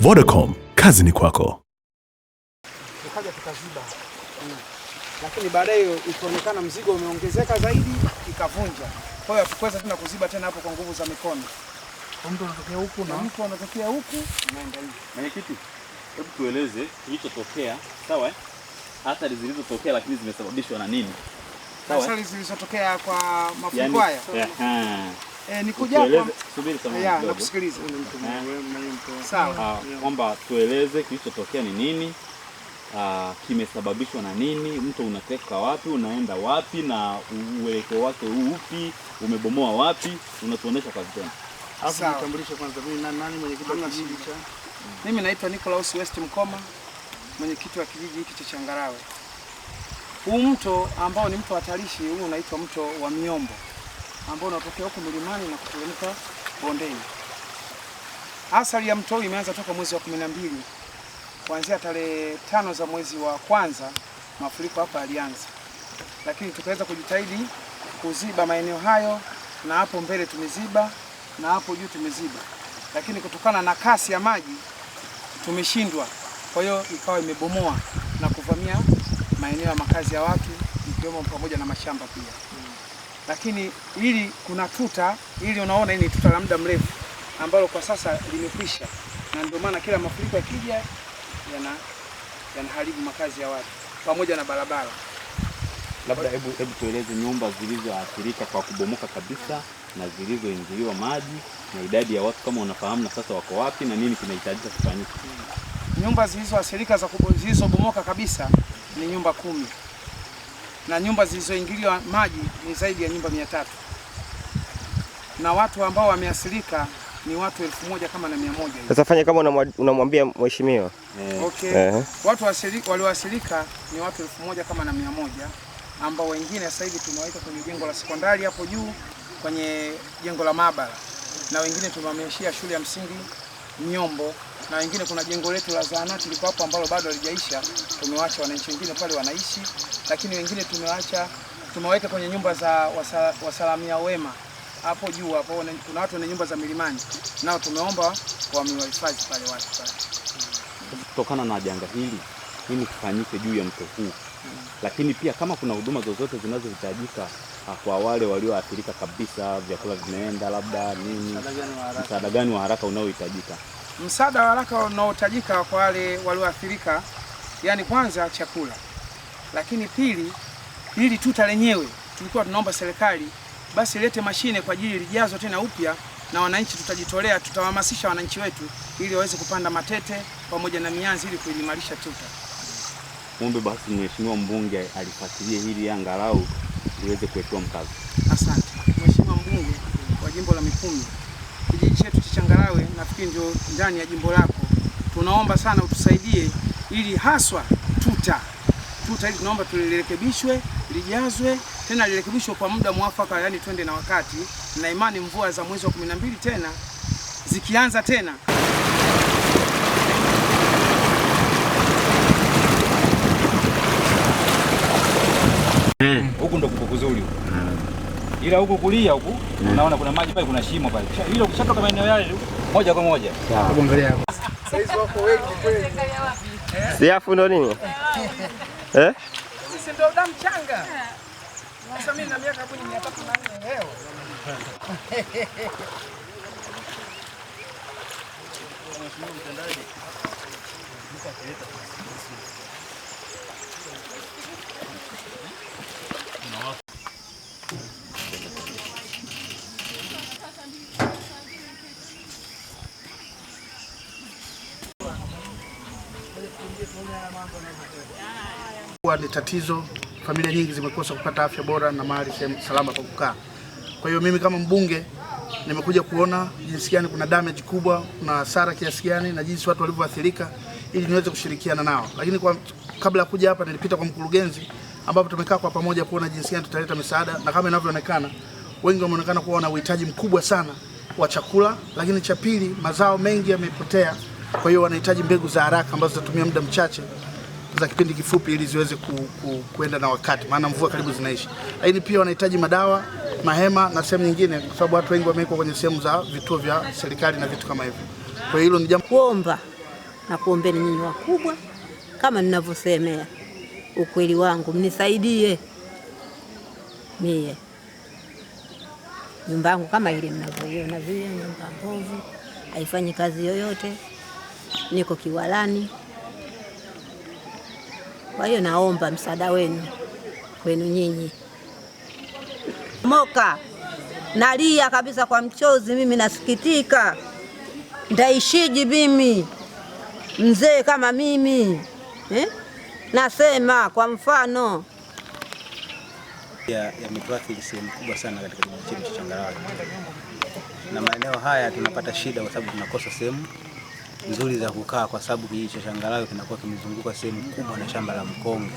Vodacom, kazi ni kwako. Tukaja tukaziba mm, lakini baadaye ikaonekana mzigo umeongezeka zaidi ikavunja. Kwa hiyo hatukuweza tena kuziba tena hapo kwa nguvu za mikono. Mtu anatokea huku na mtu anatokea huku. Mwenyekiti, hebu tueleze kilichotokea, sawa eh? Athari zilizotokea lakini zimesababishwa na nini? Sawa. Eh? Athari zilizotokea kwa mafuriko haya. Eh, eh. E, Kwamba tueleze kilichotokea ni nini, ah, kimesababishwa na nini, mto unateka wapi, unaenda wapi, na uelekeo wake huu upi, umebomoa wapi, unatuonesha kwa vitendo. Mimi naitwa Nicholas West Mkoma, mwenyekiti wa kijiji hiki cha Changarawe. Huu mto ambao ni mto hatarishi huu unaitwa mto wa miombo ambao unatokea huko milimani na kuteremka bondeni. Asali ya mto imeanza toka mwezi wa kumi na mbili kuanzia tarehe tano za mwezi wa kwanza mafuriko hapa yalianza, lakini tukaweza kujitahidi kuziba maeneo hayo, na hapo mbele tumeziba na hapo juu tumeziba, lakini kutokana na kasi ya maji tumeshindwa. Kwa hiyo ikawa imebomoa na kuvamia maeneo ya makazi ya watu ikiwemo pamoja na mashamba pia lakini hili kuna tuta hili unaona, hii ni tuta la muda mrefu ambalo kwa sasa limekwisha, na ndio maana kila mafuriko yakija yana yanaharibu makazi ya watu pamoja na barabara. Labda hebu hebu tueleze nyumba zilizoathirika kwa kubomoka kabisa na zilizoingiliwa maji na idadi ya watu kama unafahamu, na sasa wako wapi na nini kinahitajika kufanyika? Nyumba zilizoathirika za zilizobomoka kabisa ni nyumba kumi na nyumba zilizoingiliwa maji ni zaidi ya nyumba mia tatu na watu ambao wameathirika ni watu elfu moja kama na mia moja. Sasa fanya kama unamwambia mheshimiwa. Eh. Okay. Uh-huh. Watu walioathirika ni watu elfu moja kama na mia moja ambao wengine sasa hivi tumewaita kwenye jengo la sekondari hapo juu kwenye jengo la maabara na wengine tumewameishia shule ya msingi Nyombo na wengine, kuna jengo letu la zahanati liko hapo ambalo bado halijaisha, tumewaacha wananchi wengine pale wanaishi, lakini wengine tumewaacha, tumewaweka kwenye nyumba za wasala, wasalamia wema hapo juu hapo. Kuna watu wenye nyumba za milimani, nao tumeomba wamewahifadhi pale watu pale. Kutokana na janga hili, nini kifanyike juu ya mto huu? Lakini pia kama kuna huduma zozote zinazohitajika ah, kwa wale walioathirika kabisa, vyakula vimeenda, labda nini, msaada gani wa haraka unaohitajika? Msaada wa haraka unaohitajika kwa wale walioathirika, yani kwanza chakula, lakini pili, ili tuta lenyewe tulikuwa tunaomba serikali basi ilete mashine kwa ajili lijazwe tena upya na wananchi tutajitolea, tutawahamasisha wananchi wetu ili waweze kupanda matete pamoja na mianzi ili kuimarisha tuta. Muombe basi Mheshimiwa mbunge alifuatilie hili angalau iweze kuwekewa mkazo. Asante Mheshimiwa mbunge wa jimbo la Mikumi kijiji chetu cha changarawe nafikiri ndio ndani ya jimbo lako, tunaomba sana utusaidie ili haswa tuta tuta hili tunaomba tulirekebishwe lijazwe tena lirekebishwe kwa muda mwafaka, yani twende na wakati na imani, mvua za mwezi wa 12 tena zikianza tena huku hmm. ndo kupo kuzuri mm ila huku kulia huku mm. Unaona kuna maji pale, kuna shimo pale, ila ukishatoka maeneo yale moja kwa moja siafu ndo nini eh? eh? Sisi ndo damu changa. Sasa mimi na miaka kumi na tatu leo Ni tatizo, familia nyingi zimekosa kupata afya bora na mahali salama kwa kukaa. Kwa hiyo mimi kama mbunge nimekuja kuona jinsi gani kuna damage kubwa, kuna hasara kiasi gani na jinsi watu walivyoathirika, ili niweze kushirikiana nao. Lakini kwa kabla ya kuja hapa nilipita kwa mkurugenzi, ambapo tumekaa kwa pamoja kuona jinsi gani tutaleta misaada, na kama inavyoonekana, wengi wameonekana kuwa wana uhitaji mkubwa sana wa chakula, lakini cha pili, mazao mengi yamepotea. Kwa hiyo wanahitaji mbegu za haraka ambazo zitatumia muda mchache za kipindi kifupi ili ziweze ku, ku, kuenda na wakati, maana mvua karibu zinaisha. Lakini pia wanahitaji madawa, mahema na sehemu nyingine, kwa sababu watu wengi wamewekwa kwenye sehemu za vituo vya serikali na vitu kama hivyo. Kwa hilo ni jambo kuomba na kuombeni nyinyi wakubwa, kama ninavyosemea ukweli wangu, mnisaidie mie nyumba yangu kama ile mnavyoiona vile, nyumba mbovu haifanyi kazi yoyote niko kiwalani. Kwa hiyo naomba msaada wenu kwenu nyinyi. Moka nalia kabisa kwa mchozi, mimi nasikitika, ndaishiji mimi mzee kama mimi eh? Nasema kwa mfano ya, ya sehemu kubwa sana katika kijiji chetu cha Changalawe, na maeneo haya tunapata shida kwa sababu tunakosa sehemu nzuri za kukaa, kwa sababu kijiji cha Changalawe kinakuwa kimezungukwa sehemu kubwa na shamba la mkonge.